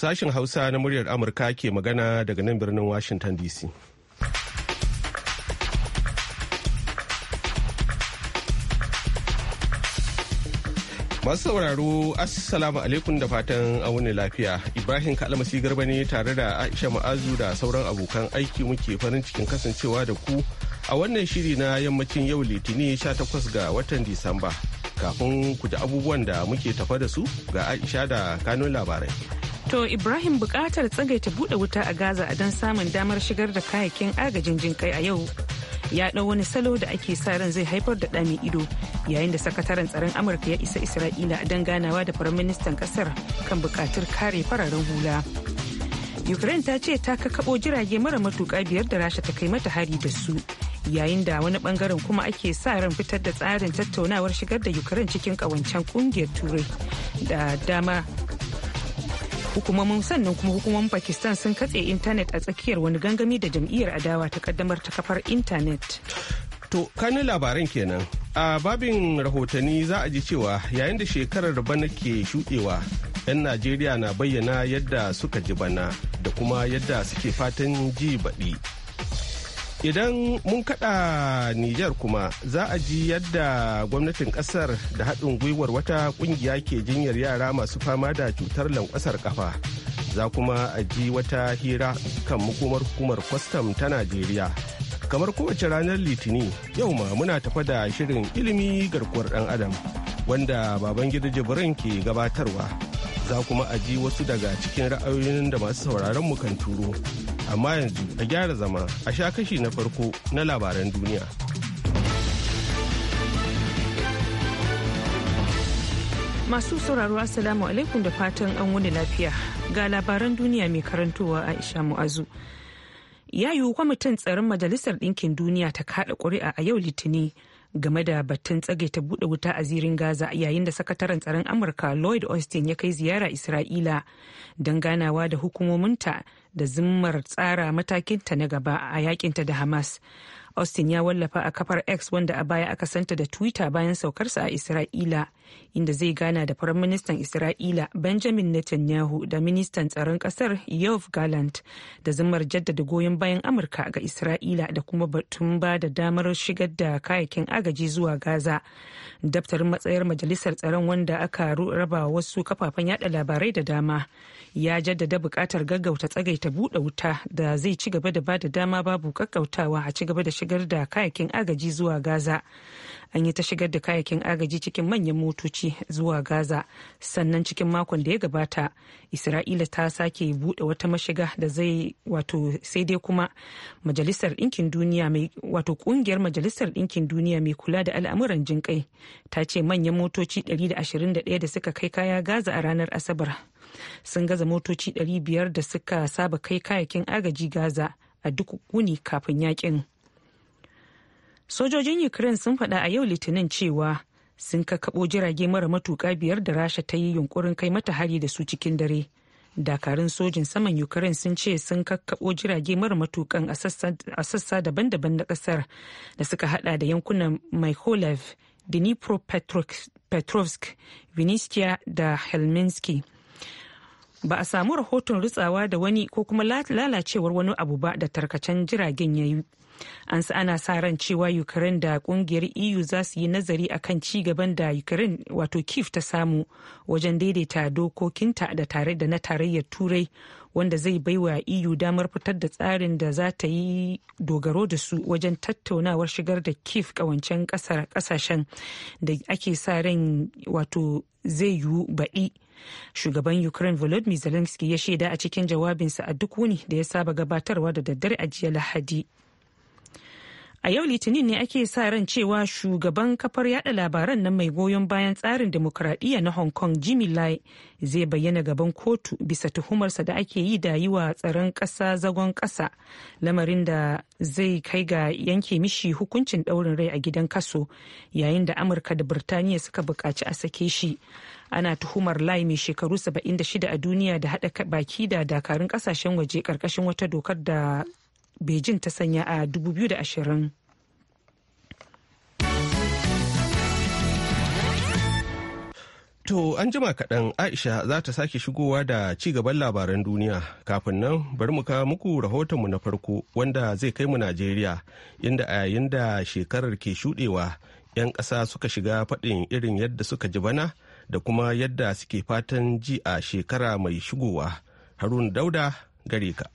Sashen Hausa na muryar Amurka ke magana daga nan birnin Washington DC. Masu sauraro, Assalamu alaikum da fatan wani lafiya. Ibrahim Kalmasi Garba ne tare da Aisha Ma'azu da sauran abokan aiki muke farin cikin kasancewa da ku a wannan shiri na yammacin yau Litinin 18 ga watan Disamba. Kafin ku ji abubuwan da muke tafa da su ga Aisha da kanun labarai. To Ibrahim bukatar tsagaita bude wuta a Gaza a don samun damar shigar da kayayyakin agajin jinkai a yau ya ɗau wani salo da ake sa ran zai haifar da ɗami ido yayin da sakataren tsaron amurka ya isa isra'ila a don ganawa da firaministan ƙasar kan buƙatar kare fararen hula ukraine ta ce ta kakaɓo jirage mara matuƙa biyar da rasha ta kai mata hari da su yayin da wani bangaren kuma ake sa ran fitar da tsarin tattaunawar shigar da ukraine cikin ƙawancen ƙungiyar turai da dama hukumomin sannan kuma hukumomin pakistan sun katse intanet a tsakiyar wani gangami da jam'iyyar adawa ta kaddamar ta kafar intanet to kanin labaran kenan a babin rahotanni za a ji cewa yayin da shekarar bana ke shuɗewa 'yan najeriya na bayyana yadda suka ji bana da kuma yadda suke fatan ji baɗi Idan mun kada Nijar kuma za a ji yadda gwamnatin kasar da haɗin gwiwar wata ƙungiya ke jinyar yara masu fama da cutar lankwasar kafa. Za kuma a ji wata hira kan makomar hukumar kwastam ta Najeriya. Kamar kowace ranar Litini, yau ma muna tafa da shirin ilimi garkuwar ɗan Adam, wanda baban gida Jibrin ke gabatarwa. Za kuma a ji wasu daga cikin ra'ayoyin da masu sauraron mu kan turo. amma yanzu a gyara zama a sha kashi na farko na labaran duniya. Masu sauraro asalamu alaikum da fatan an wani lafiya ga labaran duniya mai karantowa Aisha Mu'azu. Ya yiwu kwamitin tsaron Majalisar Ɗinkin Duniya ta kaɗa ƙuri'a a yau litini game da batun tsage ta buɗe wuta a zirin Gaza yayin da sakataren tsaron Amurka Lloyd Austin ya kai ziyara Isra'ila don ganawa da hukumominta da zimmar tsara matakinta na gaba a yakinta da Hamas. Austin ya wallafa a kafar X wanda a baya aka santa da Twitter bayan saukarsa a Isra'ila, inda zai gana da ministan Isra'ila Benjamin Netanyahu da Ministan Tsaron Ƙasar Yov Gallant da zumar jaddada goyon bayan Amurka ga Isra'ila da kuma batun ba da damar shigar da kayayyakin agaji zuwa Gaza. Daftarin matsayar Majalisar Tsaron wanda aka raba wasu kafafen yada labarai da dama ya jaddada buƙatar gaggauta tsagaita buɗe wuta da zai ci gaba da ba da dama babu gaggautawa a ci gaba da shiga shigar da kayakin agaji zuwa gaza an yi ta shigar da kayakin agaji cikin manyan motoci zuwa gaza sannan cikin makon da ya gabata isra'ila ta sake buɗe wata mashiga da zai wato sai dai kuma majalisar ɗinkin duniya mai wato ƙungiyar majalisar ɗinkin duniya mai kula da al'amuran jinƙai ta ce manyan motoci 121 da suka kai kaya gaza a ranar asabar sun gaza motoci 500 da suka saba kai kayakin agaji gaza a duk wuni kafin yakin. Sojojin Ukraine sun faɗa a yau Litinin cewa sun kakkaɓo jirage mara matuka biyar da Rasha ta yi yunkurin kai mata hari da su cikin dare. dakarun sojin saman ukraine sun ce sun kakkaɓo jirage mara matukan a sassa daban-daban na ƙasar da suka hada da yankunan mykolaiv dnipropetrovsk viniskiya da helminski ba a samu rahoton rutsawa da wani ko kuma lalacewar wani abu ba da tarkacen jiragen ya yi an sa ana sa ran cewa ukraine da kungiyar eu za su yi nazari akan ci gaban da ukraine wato kif ta samu wajen daidaita dokokinta da tare da na tarayyar turai wanda zai baiwa eu damar fitar da tsarin da za ta yi dogaro da su wajen tattaunawar shigar da kif kawancen kasashen da ake sa ran wato zai yiwu baɗi shugaban ukraine volodymyr zelensky ya shaida a cikin jawabinsa a duk wuni da ya saba gabatarwa da daddare a jiya lahadi A yau Litinin ne ake sa ran cewa shugaban kafar yada labaran nan mai goyon bayan tsarin demokuraɗiyya na Hong Kong Jimmy Lai zai bayyana gaban kotu bisa tuhumarsa da ake yi da yi wa tsaron ƙasa zagon ƙasa lamarin da zai kai ga yanke mishi hukuncin ɗaurin rai a gidan kaso yayin da Amurka da Birtaniya suka bukaci a sake shi. Ana tuhumar Lai mai shekaru 76 a duniya da haɗa baki da dakarun ƙasashen waje ƙarƙashin wata dokar da beijing ta sanya a 2020 To an jima kaɗan Aisha za ta sake shigowa da ci gaban labaran duniya kafin nan bari mu kawo muku rahotonmu na farko wanda zai kai mu Najeriya inda a yayin da shekarar ke shuɗewa 'yan ƙasa suka shiga faɗin irin yadda suka ji bana da kuma yadda suke fatan ji a shekara mai shigowa. Harun Dauda gare ka.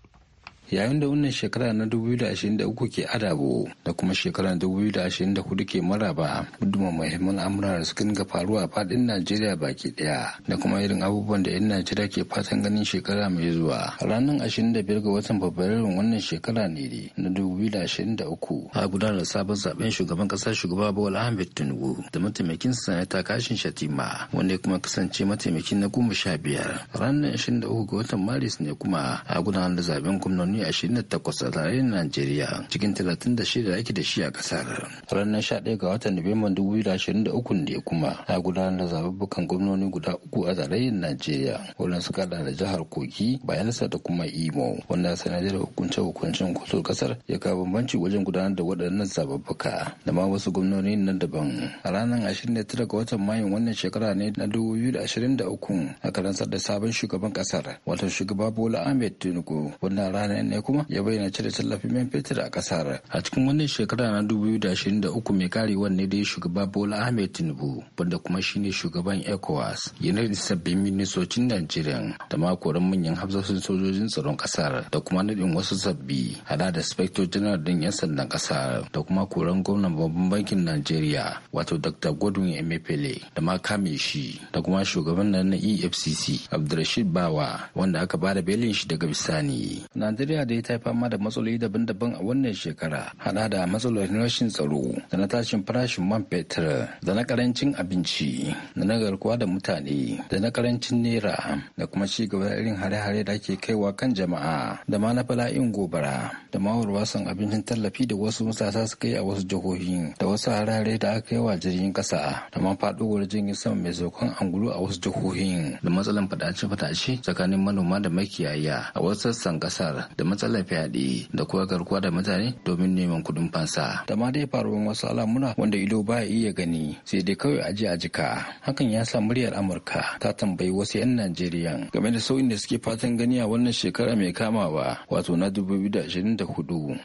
yayin da wannan shekara na 2023 ke adabo da kuma shekara na 2024 ke maraba gudunma muhimman al'amura da dinga faruwa a fadin najeriya baki daya da kuma irin abubuwan da 'yan najeriya ke fatan ganin shekara mai zuwa ranar 25 ga watan fabrairun wannan shekara ne na 2023 a gudanar da sabon zaben shugaban kasa shugaba bawal ahmed tinubu da mataimakin sanata kashin shatima wanda ya kuma kasance mataimakin na goma sha biyar ranar 23 ga watan maris ne kuma a gudanar da zaben gwamnoni fursunoni 28 a tarayyar Najeriya cikin 36 da ake da shi a kasar. Ranar 11 ga watan Nuwamban 2023 ne kuma a gudanar da zababbukan gwamnoni guda uku a tarayyar Najeriya wannan suka da jihar Kogi, Bayelsa da kuma Imo wanda sanadiyar hukunce hukuncin kusur kasar ya kawo bambanci wajen gudanar da waɗannan zababbuka da ma wasu gwamnoni na daban. A ranar 29 ga watan Mayu wannan shekara ne na 2023 aka rantsar da sabon shugaban kasar wato shugaba Bola Ahmed Tinubu wannan ranar nan ne kuma ya bayyana cire tallafin man fetur a kasar a cikin wannan shekara na 2023 mai karewan ne dai shugaba bola ahmed tinubu wanda kuma shine shugaban ecowas yana da sabbin ministocin najeriya da makoran manyan hafsoshin sojojin tsaron kasar da kuma nadin wasu sabbi hada da spector general din yan sandan kasar da kuma koran gwamnan babban bankin najeriya wato dr godwin emefiele da ma kame shi da kuma shugaban na efcc abdulrashid bawa wanda aka bada belin shi daga bisani najeriya Najeriya da ya ta fama da matsaloli daban-daban a wannan shekara hada da matsalolin rashin tsaro da na tashin farashin man fetur da na karancin abinci da na garkuwa da mutane da na karancin naira da kuma ci gaba irin hare-hare da ake kaiwa kan jama'a da ma na fala'in gobara da ma warwasan abincin tallafi da wasu matasa suka yi a wasu jihohi da wasu hare-hare da aka yi wa jirgin kasa da ma faɗuwar jirgin sama mai zokon angulu a wasu jihohin da matsalan fadace-fadace tsakanin manoma da makiyaya a wasu sassan kasar da matsalar fyaɗe da kuma garkuwa da mutane domin neman kuɗin fansa da ma dai faruwan wasu alamuna wanda ido baya iya gani sai dai kawai aji a jika hakan ya sa muryar amurka ta tambayi wasu 'yan najeriya game da sauyin da suke fatan gani a wannan shekara mai kamawa wato na 2024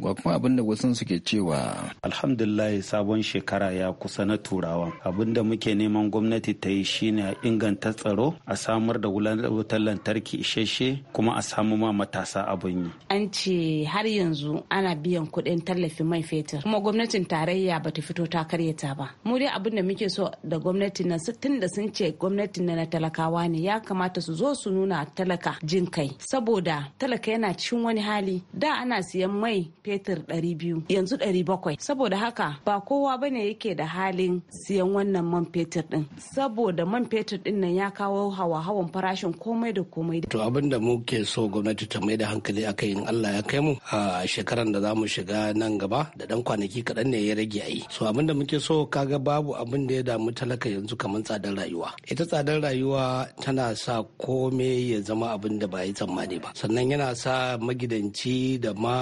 ga kuma abin da wasu suke cewa alhamdulillah sabon shekara ya kusa na turawa abin da muke neman gwamnati ta yi shine a inganta tsaro a samar da wutar lantarki isasshe kuma a samu ma matasa abin yi an ce har yanzu ana biyan kuɗin tallafin mai fetur kuma gwamnatin tarayya ba ta fito ta karyata ba mu dai abin da muke so da gwamnati na tun da sun ce gwamnatin na talakawa ne ya kamata su zo su nuna talaka jin kai saboda talaka yana cikin wani hali da ana siyan mai fetur ɗari biyu yanzu ɗari bakwai saboda haka ba kowa bane yake da halin siyan wannan man fetur ɗin saboda man fetur ɗin nan ya kawo hawa hawan farashin komai da komai to abin da muke so gwamnati ta mai da hankali akai in Allah ya kai mu a shekaran da za mu shiga nan gaba da dan kwanaki kaɗan ne ya rage ayi so abin da muke so kaga babu abin da ya damu talaka yanzu kamar tsadar rayuwa ita tsadar rayuwa tana sa kome ya zama abin da ba yi tsammani ba sannan yana sa magidanci da ma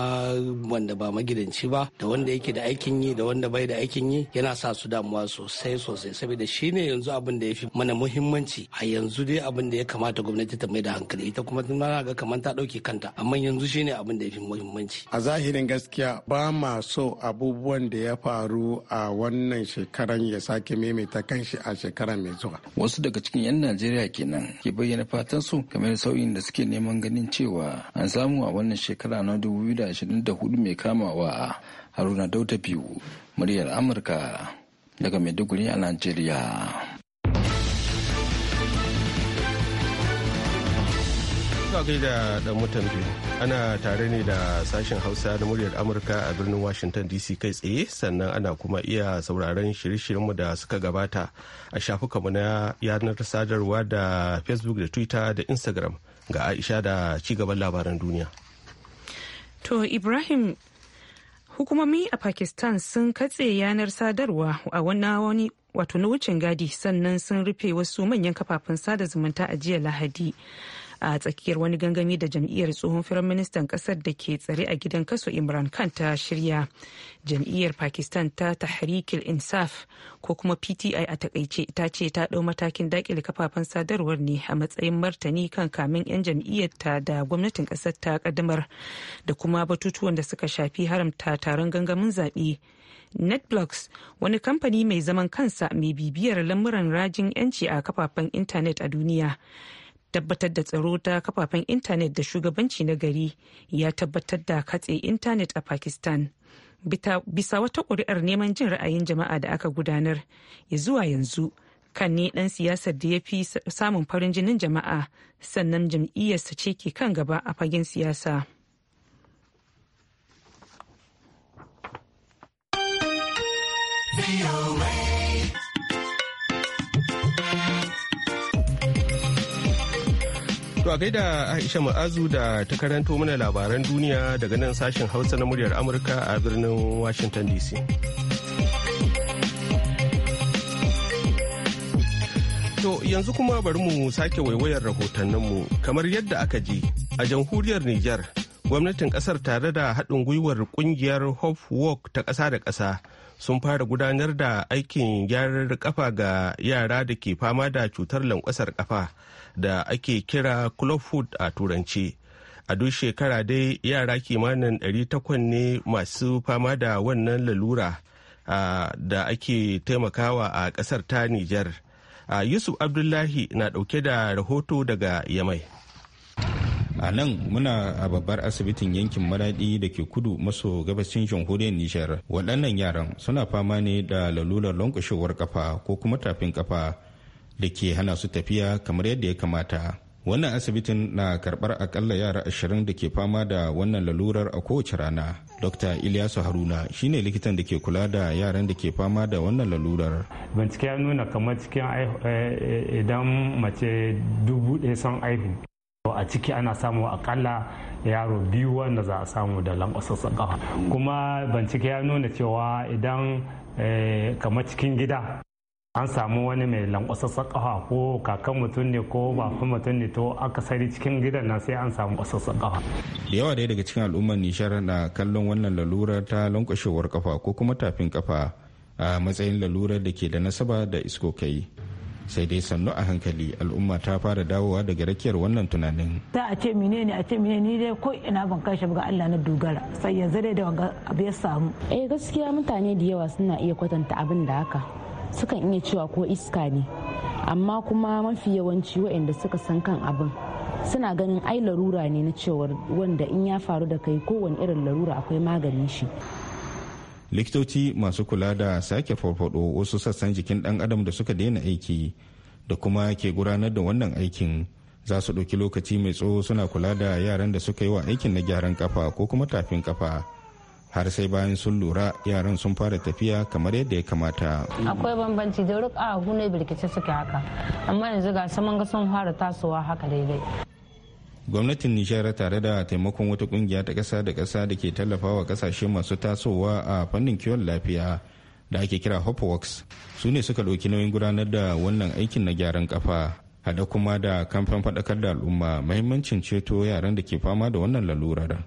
wanda ba magidanci ba da wanda yake da aikin yi da wanda bai da aikin yi yana sa su damuwa sosai sosai saboda shine yanzu abin da ya fi mana muhimmanci a yanzu dai abin da ya kamata gwamnati ta mai da hankali ita kuma tana ga kamar ta ɗauke kanta amma yanzu shine shine abin da ya fi muhimmanci a zahirin gaskiya ba ma so abubuwan da ya faru a wannan shekaran ya sake maimaita kanshi a shekara mai zuwa wasu daga cikin 'yan najeriya kenan ke bayyana fatan su kamar sauyin da suke neman ganin cewa an samu a wannan shekara na 2024 mai kamawa haruna dauta biyu muryar amurka daga maiduguri a najeriya Ka gaida dan mutane ana tare ne da sashen Hausa na muryar Amurka a birnin Washington DC kai tsaye sannan ana kuma iya sauraron shirye-shiryenmu da suka gabata a shafukanmu na yanar sadarwa da Facebook da Twitter da Instagram ga Aisha da ci gaban labaran duniya. To Ibrahim hukumomi a Pakistan sun katse yanar sadarwa a wani wato na wucin gadi sannan sun rufe wasu manyan kafafen sada zumunta a jiya Lahadi. a tsakiyar wani gangami da jam'iyyar tsohon firaministan ƙasar da ke tsare a gidan kaso imran khan ta shirya jam'iyyar pakistan ta tahrikil insaf ko kuma pti a takaice ta ce ta ɗau matakin dakile kafafen sadarwar ne a matsayin martani kan kamin 'yan jam'iyyar ta da gwamnatin ƙasar ta ƙaddamar da kuma batutuwan da suka shafi haramta taron gangamin zaɓe netblocks wani kamfani mai zaman kansa mai bibiyar lamuran rajin 'yanci a kafafen intanet a duniya tabbatar da tsaro ta kafafen intanet da shugabanci na gari ya tabbatar da katse intanet a pakistan bisa wata ƙuri'ar neman jin ra'ayin jama'a da aka gudanar ya zuwa yanzu kan ne ɗan siyasar da ya fi samun farin jinin jama'a sannan jam'iyyarsa ce ke kan gaba a fagen siyasa. Be To a gaida Aisha Ma'azu da ta karanto mana labaran duniya daga nan sashen Hausa na muryar Amurka a birnin Washington DC. To yanzu kuma bari mu sake waiwayar rahotanninmu kamar yadda aka ji a jamhuriyar Nijar gwamnatin kasar tare da haɗin gwiwar kungiyar Hope Walk ta ƙasa da ƙasa sun fara gudanar da aikin gyarar kafa ga yara da ke fama da cutar lankwasar kafa da ake kira clubfoot a turanci a duk shekara dai yara kimanin 800 ne masu fama da wannan lalura da ake taimakawa a kasar ta nijar yusuf abdullahi na dauke da rahoto daga yamai a nan muna a babbar asibitin yankin maradi da ke kudu maso gabashin jamhuriyar nijar waɗannan yaran suna fama ne da lalurar lankwashewar kafa ko kuma tafin kafa da ke hana su tafiya kamar yadda ya kamata wannan asibitin na karbar akalla yara ashirin da ke fama da wannan lalurar a kowace rana dr ilyasu haruna shine likitan da ke kula da yaran da ke fama da wannan lalurar bincike ya nuna kamar cikin eh, eh, idan mace dubu ɗaya san aihu a ciki ana samu akalla yaro biyu wanda za a samu da lankwasassan kafa kuma bincike ya nuna cewa idan eh, kamar cikin gida an samu wani mai lankwasassan kafa ko kakan mutum ne ko bafin mutum ne to aka akasari cikin gidan nan sai an samu kwasassan kafa da yawa daya daga cikin al'ummar nishar na kallon wannan lalurar ta lankwashewar kafa ko kuma tafin kafa a matsayin lalurar da ke da nasaba da iskokai sai dai sannu a hankali al'umma ta fara dawowa daga rakiyar wannan tunanin ta a ce mine ne a ce mine ni dai ko ina ban kashi ga Allah na dogara sai yanzu dai da wanga abu ya samu eh gaskiya mutane da yawa suna iya kwatanta abin da haka sukan iya cewa ko iska ne amma kuma mafi yawanci waɗanda suka san kan abin suna ganin ai larura ne na cewar wanda in ya faru da kai kowane irin larura akwai maganin shi likitoci masu kula da sake farfado wasu sassan jikin ɗan adam da suka daina aiki da kuma ke gudanar da wannan aikin za su ɗauki lokaci mai tsawo suna kula da yaran da suka yi wa aikin na gyaran kafa ko kuma tafin kafa har sai bayan sun lura yaran sun fara tafiya kamar yadda ya kamata akwai bambanci da ruk a hune birkice suke haka amma yanzu ga saman ga sun fara tasowa haka daidai gwamnatin nishara tare da taimakon wata kungiya ta kasa da kasa da ke tallafawa ƙasashe masu tasowa a fannin kiwon lafiya da ake kira hopworks su ne suka ɗauki nauyin gudanar da wannan aikin na gyaran kafa hada kuma da kamfan faɗakar da al'umma mahimmancin ceto yaran da ke fama da wannan lalurar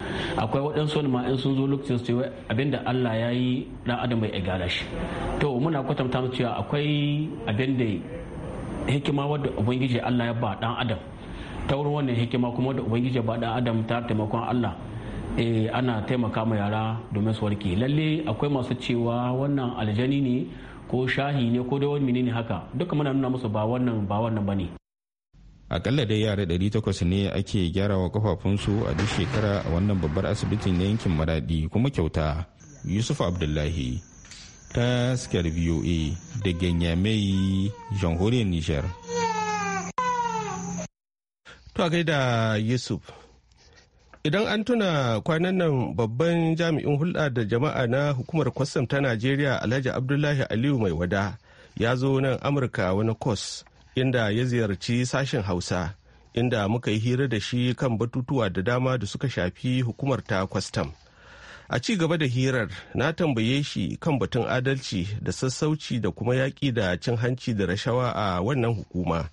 akwai waɗansu ma in sun zo lokacin su abinda allah ya yi ɗan adam bai igara shi to muna kwatanta cewa akwai abin da hikima wadda ubangiji allah ya ba dan adam ta wannan hikima kuma da ubangiji ba dan adam ta taimakon allah eh, ana taimaka ma yara domin su warke lalle akwai masu cewa wannan aljani ne ko shahi ne ko dai wani ne haka duka muna nuna musu ba wannan ba wannan bane akalla dai yara 800 ne ake gyarawa kafafunsu a duk shekara a wannan babbar asibitin na yankin maradi kuma kyauta yusuf abdullahi ta voa da ganyamai jamhuriyar nijar. To da Yusuf. Idan an tuna kwanan nan babban jami'in hulɗa da jama'a na hukumar kwastam ta Najeriya Alhaji Abdullahi Aliyu mai wada ya zo nan Amurka wani kos inda ya ziyarci sashen Hausa inda muka yi hira da shi kan batutuwa da dama da suka shafi hukumar ta kwastam. A ci gaba da hirar na tambaye shi kan batun adalci da sassauci da kuma yaƙi da cin hanci da rashawa a wannan hukuma.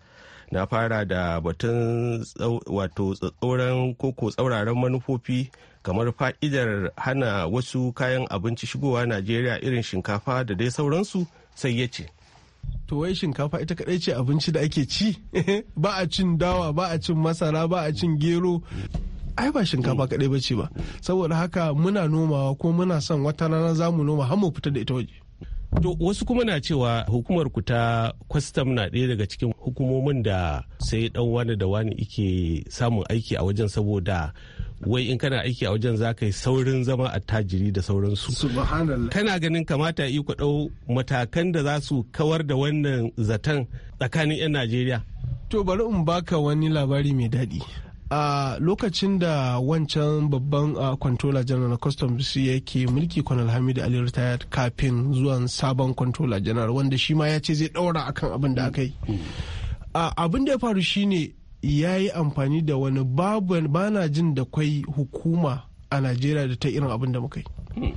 na fara da batun wato tsatsauran koko tsauraran manufofi kamar fa'idar hana wasu kayan abinci shigowa najeriya irin shinkafa da dai sauransu sai ya ce to wai shinkafa ita kadai ce abinci da ake ci ba a cin dawa ba a cin masara ba a cin gero ai ba shinkafa kadai ba ce ba saboda haka muna nomawa ko muna son wata rana za mu noma har mu fita da ita waje To wasu kuma na cewa hukumar ku ta kwastam na ɗaya daga cikin hukumomin da sai ɗan wani da wani ike samun aiki a wajen saboda wai in kana aiki a wajen za ka yi saurin zama attajiri da sauransu. Kana ganin kamata yi ku ɗau matakan da za su kawar da wannan zaton tsakanin 'yan Najeriya. To bari in baka wani labari mai daɗi. a lokacin da wancan babban kwantola janar na customs yake mulki kwanal hamidu ali retired kafin zuwan sabon controller general wanda shi ma ya ce zai daura akan abin da aka yi mm. abin da ya faru shine ya yi amfani da wani babu bana jin da kwai hukuma a najeriya da ta irin abin da muka yi mm.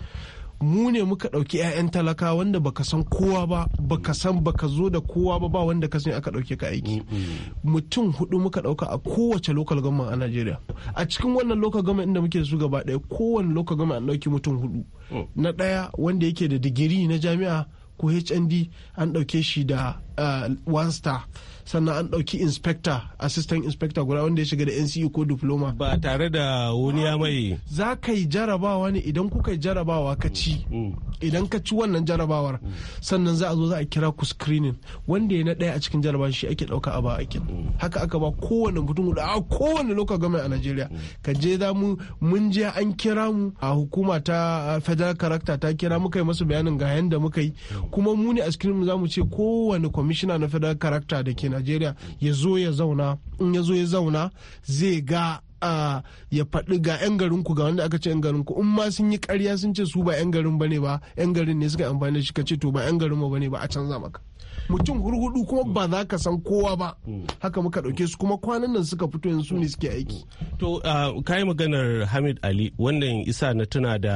mu ne muka ɗauki 'ya'yan talaka wanda baka san kowa ba baka san baka zo da kowa ba ba wanda ka san aka ɗauke ka aiki mm, mm. mutum hudu muka ɗauka a kowace local government a Najeriya a cikin wannan local government inda muke su gaba ɗaya kowane local government an ɗauki mutum hudu oh. na ɗaya wanda yake da digiri na jami'a ko HND an ɗauke shi da Uh, one star sannan an ɗauki inspector assistant inspector guda wanda ya shiga da ncu ko diploma ba tare da wani ya mai za ka yi jarabawa ne idan kuka yi jarabawa ka ci mm. Mm. idan ka ci wannan jarabawar mm. sannan za a zo za a kira ku screening wanda ya na ɗaya a cikin jarabawar shi ake ɗauka a ba aikin haka aka ba kowane mutum guda a kowane local government a Najeriya ka je za mu mun je an kira mu a hukuma ta federal character ta kira muka yi masu bayanin ga yanda muka yi kuma mu ne a screening za mu ce kowane committee. kwamishina na federal character da ke najeriya ya zo ya zauna in ya zo ya zauna zai ga ah, ya faɗi ga 'yan garin ku ga wanda aka ce 'yan garin ku in ma sun yi ƙarya sun ce su ba 'yan garin bane ba 'yan garin ne suka amfani da shi ka ce to ba 'yan garin mu bane ba a canza maka mutum hurhudu kuma ba za ka san kowa ba hmm. haka muka dauke su kuma kwanan nan suka fito yanzu ne suke aiki hmm. to uh, yi maganar hamid ali wannan isa na tuna da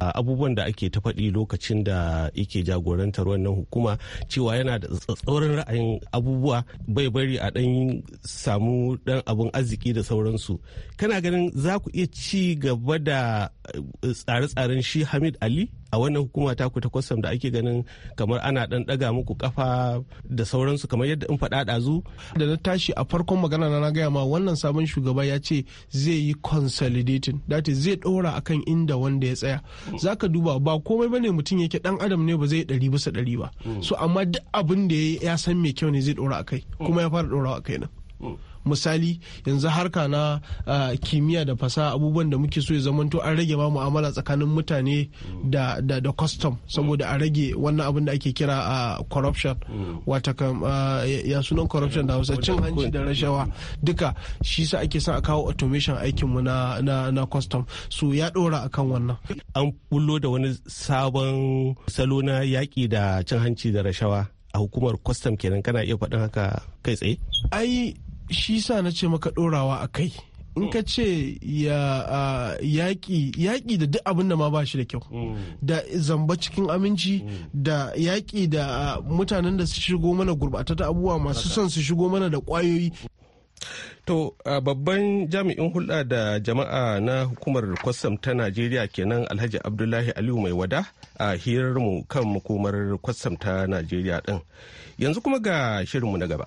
uh, abubuwan da ake ta faɗi lokacin da yake jagorantar wannan hukuma cewa yana da tsatsauran ra'ayin abubuwa bai bari a ɗan samu ɗan abun arziki da sauransu kana ganin za ku iya ci gaba da uh, tsare-tsaren shi hamid ali a wannan hukuma ta ku ta kwastam da ake ganin kamar ana dan daga muku kafa da sauransu kamar yadda in faɗa ɗazu. da na tashi a farkon magana na gaya ma wannan sabon shugaba ya ce zai yi consolidating dati zai ɗora akan inda wanda ya tsaya zaka duba ba komai bane mutum yake dan adam ne ba zai ɗari bisa ɗari ba mm. so amma duk abin da ya san mai kyau ne zai ɗora akai kuma ya fara ɗorawa akai nan mm. misali yanzu harka na kimiyya da fasa abubuwan da muke so ya zamanto an rage ma mu'amala tsakanin mutane da da da custom saboda a rage wannan abin da ake kira a corruption wata ya sunan corruption da hausa cin hanci da rashawa duka shi sa ake son a kawo automation aikinmu na na na custom so ya dora akan wannan an bullo da wani sabon salo na yaki da cin hanci da rashawa a hukumar kwastam kenan kana iya faɗin haka kai tsaye ai shi sa na ce maka ɗorawa a kai in ka ce yaƙi da duk abin da ma ba shi da kyau mm. da zamba cikin aminci mm. da yaƙi da mutanen da su shigo mana gurɓatata abubuwa masu son su shigo mana da ƙwayoyi To uh, babban jami'in hulɗa da jama'a na hukumar kwastam ta Najeriya kenan Alhaji Abdullahi Aliyu mai wada a uh, hirarmu kan makomar kwastam ta Najeriya ɗin. Yanzu kuma ga shirinmu na gaba.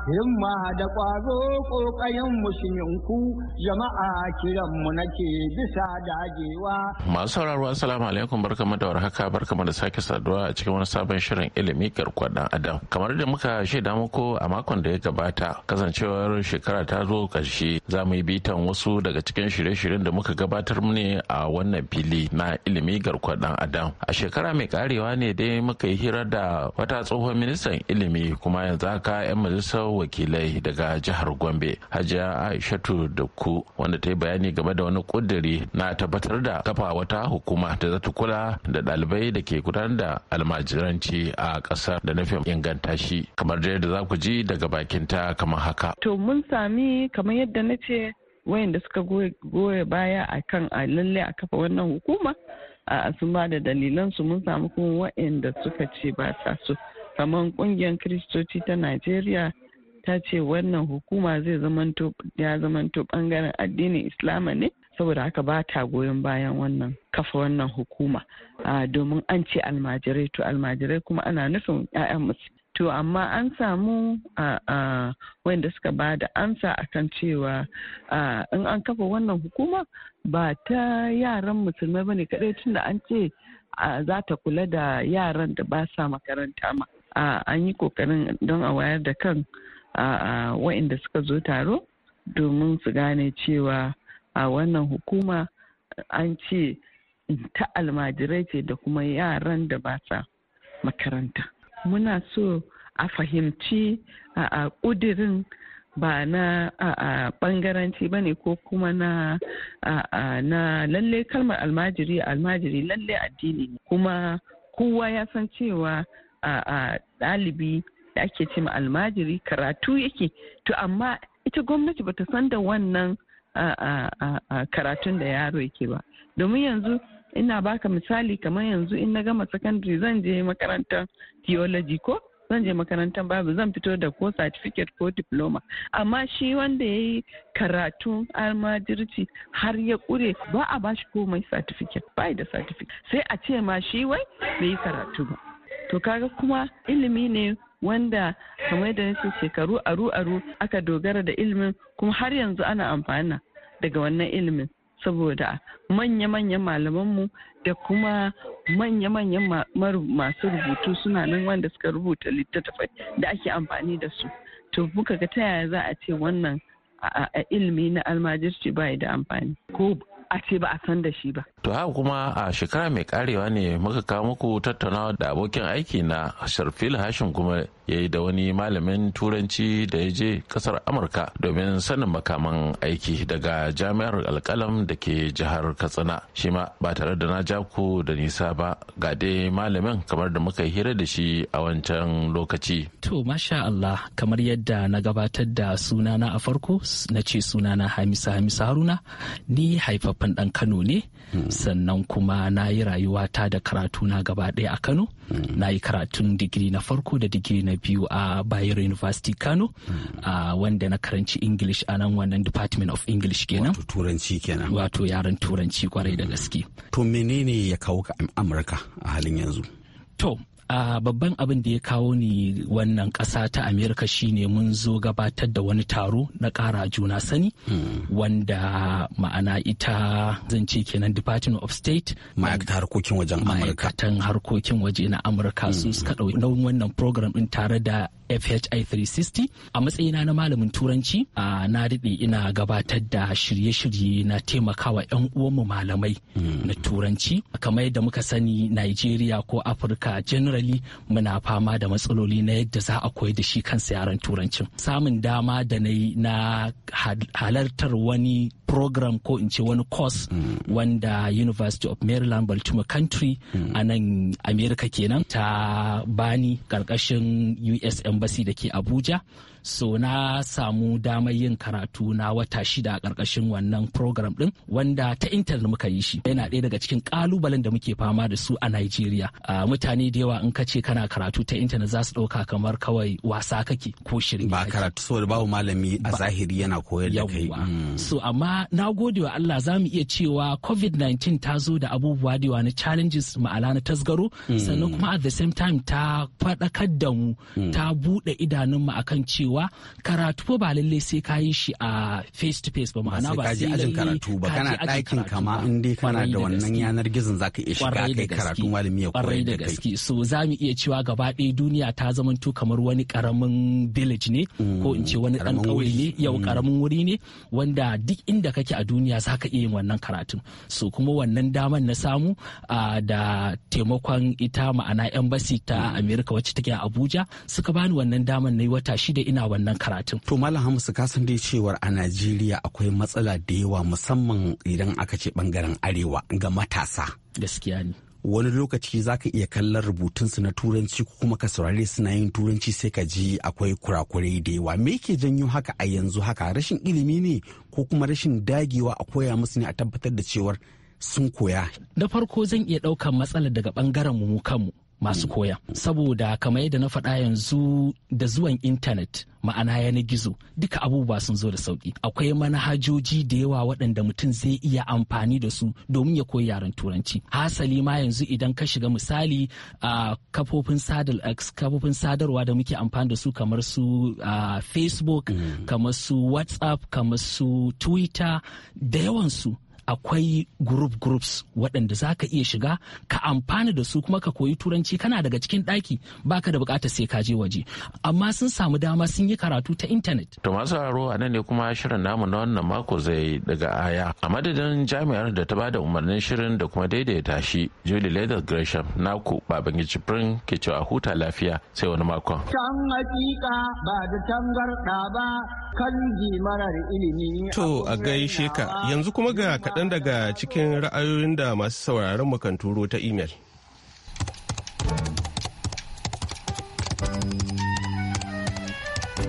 himma da ƙwazo ƙayan musulminku jama'a kiranmu nake bisa dajewa. Masu sauraro assalamu alaikum barkamu da warhaka barkama da sake saduwa a cikin wani sabon shirin ilimi garkuwar dan adam. Kamar da muka shaida muku a makon da ya gabata kasancewar shekara ta zo ƙarshe za mu yi bitan wasu daga cikin shirye-shiryen da muka gabatar mu ne a wannan fili na ilimi garkuwar dan adam. A shekara mai ƙarewa ne dai muka yi hira da wata tsohon ministan ilimi kuma yanzu haka 'yan majalisar wakilai daga jihar gombe hajiya aishatu da ku wanda ta yi bayani game da wani kuduri na tabbatar da kafa wata hukuma da za ta kula da dalibai da ke gudanar da almajiranci a ƙasar da nufin inganta shi kamar da za ku ji daga bakin ta kamar haka. to mun sami kamar yadda na ce wayanda suka goya baya a kan a lalle a kafa wannan hukuma a sun ba da dalilansu mun samu kuma wayanda suka ce ba sa su kamar kungiyar kiristoci ta najeriya ta ce wannan hukuma zai zamanto ya zamanto bangaren addinin islama ne saboda haka ba ta goyon bayan wannan kafa wannan hukuma domin an ce almajirai to almajirai kuma ana nufin 'ya'yan musu to amma an samu wanda suka ba da amsa akan cewa in an kafa wannan hukuma ba ta yaran musulmai ba ne kadai tunda an ce za ta kula da yaran da ba sa makaranta ma an yi kokarin don a wayar da kan a waɗanda suka zo taro domin su gane cewa a wannan hukuma an ce ta almajirai ce da kuma yaran da ba sa makaranta muna so a fahimci a ƙudirin ba na bangaranci ba ne ko kuma na na lalle kalmar almajiri almajiri lalle addini kuma kowa ya san cewa ɗalibi da ake ce ma almajiri karatu yake to amma ita gwamnati bata san da wannan karatun da yaro yake ba domin yanzu ina baka misali kamar yanzu in na gama secondary zan je makarantar theology ko zan je makarantar babu zan fito da ko certificate ko diploma amma shi wanda ya yi karatun almajirci har ya kure ba a bashi komai certificate ba da certificate sai a ce ma shi wai bai yi karatu ba to kaga kuma ilimi ne wanda kamar da nace shekaru aru aru aka dogara da ilimin kuma har yanzu ana amfana daga wannan ilimin saboda manya-manyan malamanmu da kuma manya-manyan masu rubutu suna nan wanda suka rubuta littattafai da ake amfani da su to muka ga ta yaya za a ce wannan a ilimi na almajirci bai da amfani ko a ce ba a san da shi ba. To haka kuma a shekara mai karewa ne muka kawo muku tattaunawa da abokin aiki na Sharfil Hashim kuma ya yi da wani malamin turanci da ya je kasar amurka domin sanin makaman aiki daga jami'ar alkalam da ke jihar katsina shi ma ba tare da na ja ku da nisa ba ga dai malamin kamar da muka hira da shi a wancan lokaci to masha allah kamar yadda na gabatar da sunana a farko na ce sunana hamisa hamisa haruna ni haifaffen dan kano ne hmm. sannan kuma na yi rayuwata da karatu na gaba ɗaya a kano hmm. na yi karatun digiri na farko da digiri na biyu a Bayero University Kano hmm. wanda na karanci English a nan wannan Department of English kenan. Wato turanci kenan. Wato yaren turanci kwarai da hmm. gaske. To menene ya kawo ka Amurka a halin yanzu? To Uh, babban abin da ya kawo ni wannan ƙasa ta amerika shine mun zo gabatar da wani taro na ƙara juna sani hmm. wanda ma'ana ita zan ce kenan department of state ma'aikatan harkokin wajen amurka ma'aikatan harkokin waje na amurka su hmm. suka ɗauki nauyin wannan program ɗin tare da fhi 360 a matsayina na malamin turanci a na daɗe ina gabatar da shirye-shirye na taimakawa 'yan uwanmu malamai hmm. na turanci kamar yadda muka sani nigeria ko afirka generally muna fama da matsaloli na yadda za a koyar da shi kansa yaran turancin samun dama da na na halartar wani program ko in ce wani course hmm. wanda university of maryland baltimore country hmm. a nan america kenan ta bani karkashin usm embassy da ke abuja so na samu damar yin karatu na wata shida a ƙarƙashin wannan program ɗin wanda ta intanet muka yi shi yana ɗaya daga cikin ƙalubalen da muke fama da su a Najeriya mutane da yawa in ka ce kana karatu ta intanet za su ɗauka kamar kawai wasa kake ko shirin ba karatu saboda babu malami a zahiri yana koyar da kai mm. so amma na gode wa Allah za mu iya cewa covid-19 ta zo da abubuwa da yawa na challenges ma'ala na tasgaro mm. sannan kuma at the same time ta faɗakar da mu mm. ta bu buɗe idanunmu kan cewa karatu ba lalle sai ka yi shi a face to face ba ma'ana ba sai ajin karatu ba kana ɗakin kama in dai kana da wannan yanar gizon ka iya shiga kai karatu malami ya koyar da kai so za mu iya cewa gaba ɗaya duniya ta zamanto kamar wani karamin village ne mm, ko in ce wani ɗan ƙauye ne yau karamin mm. wuri ne wanda duk inda kake a duniya zaka iya yin wannan karatun so kuma wannan daman na samu da taimakon ita ma'ana embassy ta mm. Amerika wacce take a Abuja suka bani wannan daman na yi wata shida ina wannan karatun. To Malam Hamisu ka san dai cewar a Najeriya akwai matsala da yawa musamman idan aka ce bangaren arewa ga matasa. Gaskiya ne. wani lokaci za ka iya kallon rubutunsu na turanci ko kuma ka saurare suna yin turanci sai ka ji akwai kurakurai da yawa me yake janyo haka a yanzu haka rashin ilimi ne ko kuma rashin dagewa a koya musu ne a tabbatar da cewar sun koya. na farko zan iya ɗaukar matsalar daga ɓangaren mu kanmu. masu koya saboda kamar yadda na faɗa yanzu da zuwan intanet ma'ana yanar gizo duka abubuwa sun zo da sauƙi. akwai manhajoji da yawa waɗanda mutum zai iya amfani da su domin ya koyi yaren turanci hasali ma yanzu idan ka shiga misali a kafofin kafofin sadarwa da muke amfani da su kamar su facebook mm. kamar su whatsapp kamar su twitter da yawansu akwai group groups waɗanda za ka iya shiga ka amfana da su kuma ka koyi turanci kana daga cikin ɗaki baka da buƙatar sai ka je waje amma sun samu dama sun yi karatu ta intanet. to masu sauraro a nan ne kuma shirin namu na wannan mako zai daga aya a madadin jami'ar da ta bada umarnin shirin da kuma daidaita shi julie leather gresham naku babangiji jibrin ke cewa huta lafiya sai wani makon. can hakika ba da tangarɗa ba kan ilimi. to a gaishe ka yanzu kuma ga kaɗan daga cikin ra'ayoyin da masu sauraron mu kan turo ta imel.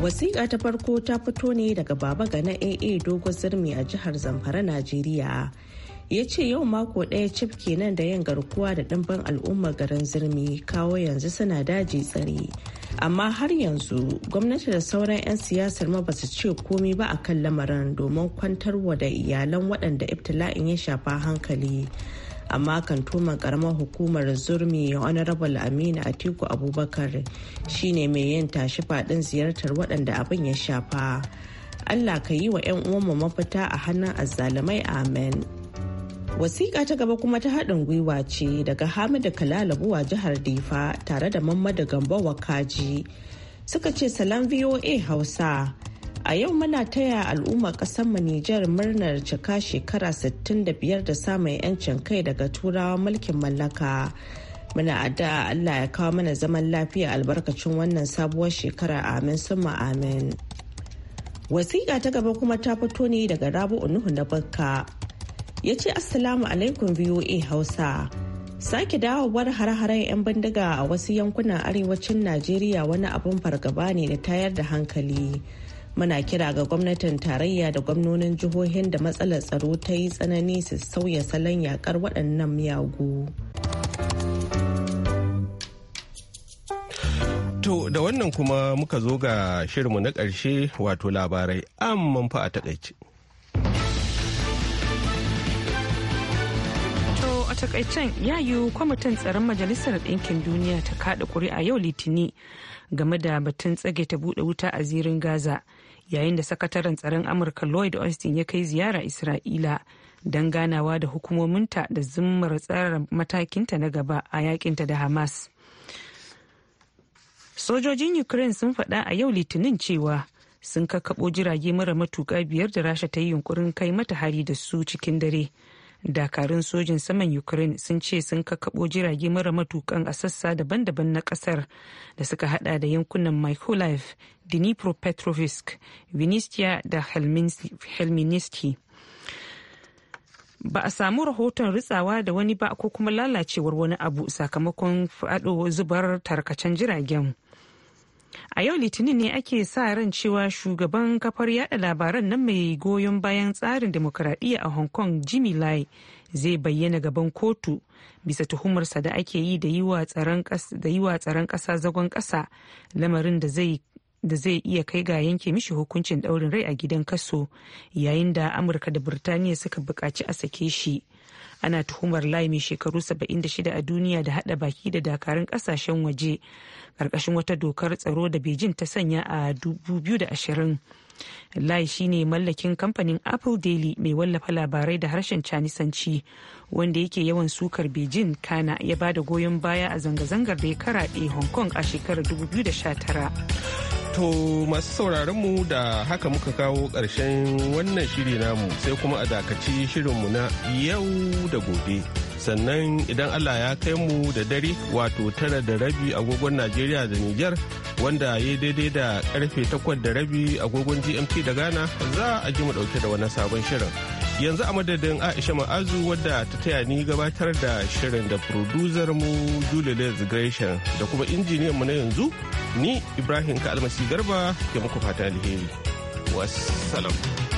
wasiƙa ta farko ta fito ne daga baba ga na aa dogo zirmi a jihar zamfara najeriya ya ce yau mako ɗaya cif kenan da yin garkuwa da ɗimbin al'ummar garin zirmi kawo yanzu suna daji tsare amma har yanzu gwamnati da sauran 'yan siyasar ma ba su ce komi ba a kan lamarin domin kwantarwa da iyalan waɗanda ibtila'in ya shafa hankali amma kan tuman karamar hukumar zurmi honorable amina atiku abubakar shine mai yin tashi faɗin ziyartar waɗanda abin ya shafa allah ka yi wa 'yan uwanmu mafita a hannun azzalumai amen wasiƙa ta gaba kuma ta haɗin gwiwa ce daga hamida kalalabuwa jihar difa tare da mamada gambawa kaji suka ce salam voa hausa a yau muna taya al'umma mu nijar murnar cika shekara 65 da samun 'yancin kai daga turawa mulkin mallaka muna addu'a allah ya kawo mana zaman lafiya albarkacin wannan sabuwar shekara amin summa amin wasiƙa ta gaba kuma ta fito ne daga rabu'u nuhu na bakka ya ce assalamu alaikum voa hausa sake dawowar har haren 'yan bindiga a wasu yankunan arewacin najeriya wani abin fargaba ne da tayar da hankali muna kira ga gwamnatin tarayya da gwamnonin jihohin da matsalar tsaro ta yi tsanani su sauya salon yakar waɗannan miyagu to da wannan kuma muka zo ga shirinmu na ƙarshe wato labarai amman fa a takaice. takaicen ya yiwu kwamitin tsaron majalisar ɗinkin duniya ta kaɗa ƙuri'a yau litini game da batun tsage ta buɗe wuta a zirin gaza yayin da sakataren tsaron amurka lloyd austin ya kai ziyara isra'ila don ganawa da hukumominta da zimmar tsara matakinta na gaba a yakinta da hamas sojojin ukraine sun faɗa a yau litinin cewa sun kakkaɓo jirage mara matuƙa biyar da rasha ta yi yunkurin kai mata hari da su cikin dare dakarun sojin saman ukraine sun ce sun kakaɓo jirage mara matukan a sassa daban-daban na kasar da suka hada da yankunan mykolaiv dnipropetrovsk vinistia da helminski ba a samu rahoton ritsawa da wani ba ko kuma lalacewar wani abu sakamakon fado zubar tarkacen jiragen A yau Litinin ne ake sa ran cewa shugaban kafar yada labaran nan mai goyon bayan tsarin demokuraɗiyya a Hong Kong Jimmy Lai zai bayyana gaban kotu bisa tuhumarsa da ake yi da yi wa tsaron ƙasa zagon ƙasa lamarin da zai da zai iya kai ga yanke mishi hukuncin daurin rai a gidan kaso yayin da amurka da birtaniya suka buƙaci a sake shi ana tuhumar lai mai shekaru 76 a duniya da hada baki da dakarun kasashen waje karkashin wata dokar tsaro da beijing ta sanya a 2020 lai shine mallakin kamfanin apple daily mai wallafa labarai da harshen canisanci wanda yake yawan sukar beijing kana ya bada goyon baya a zanga-zangar da ya karaɗe hong kong a shekarar 2019 To masu sauraron mu da haka muka kawo ƙarshen wannan shiri namu sai kuma a dakaci shirinmu na yau da gobe. Sannan idan Allah ya kai mu da dare wato tara da rabi agogon Najeriya da Nijar wanda ya daidai da karfe takwas da rabi agogon GMT da Ghana za a ji mu dauke da wani sabon shirin. yanzu a madadin aisha ma'azu wadda ta taya ni gabatar da shirin da producer mu julie gresham da kuma injiniyan mu na yanzu ni ibrahim ka almasi garba ke muku fata alheri wassalam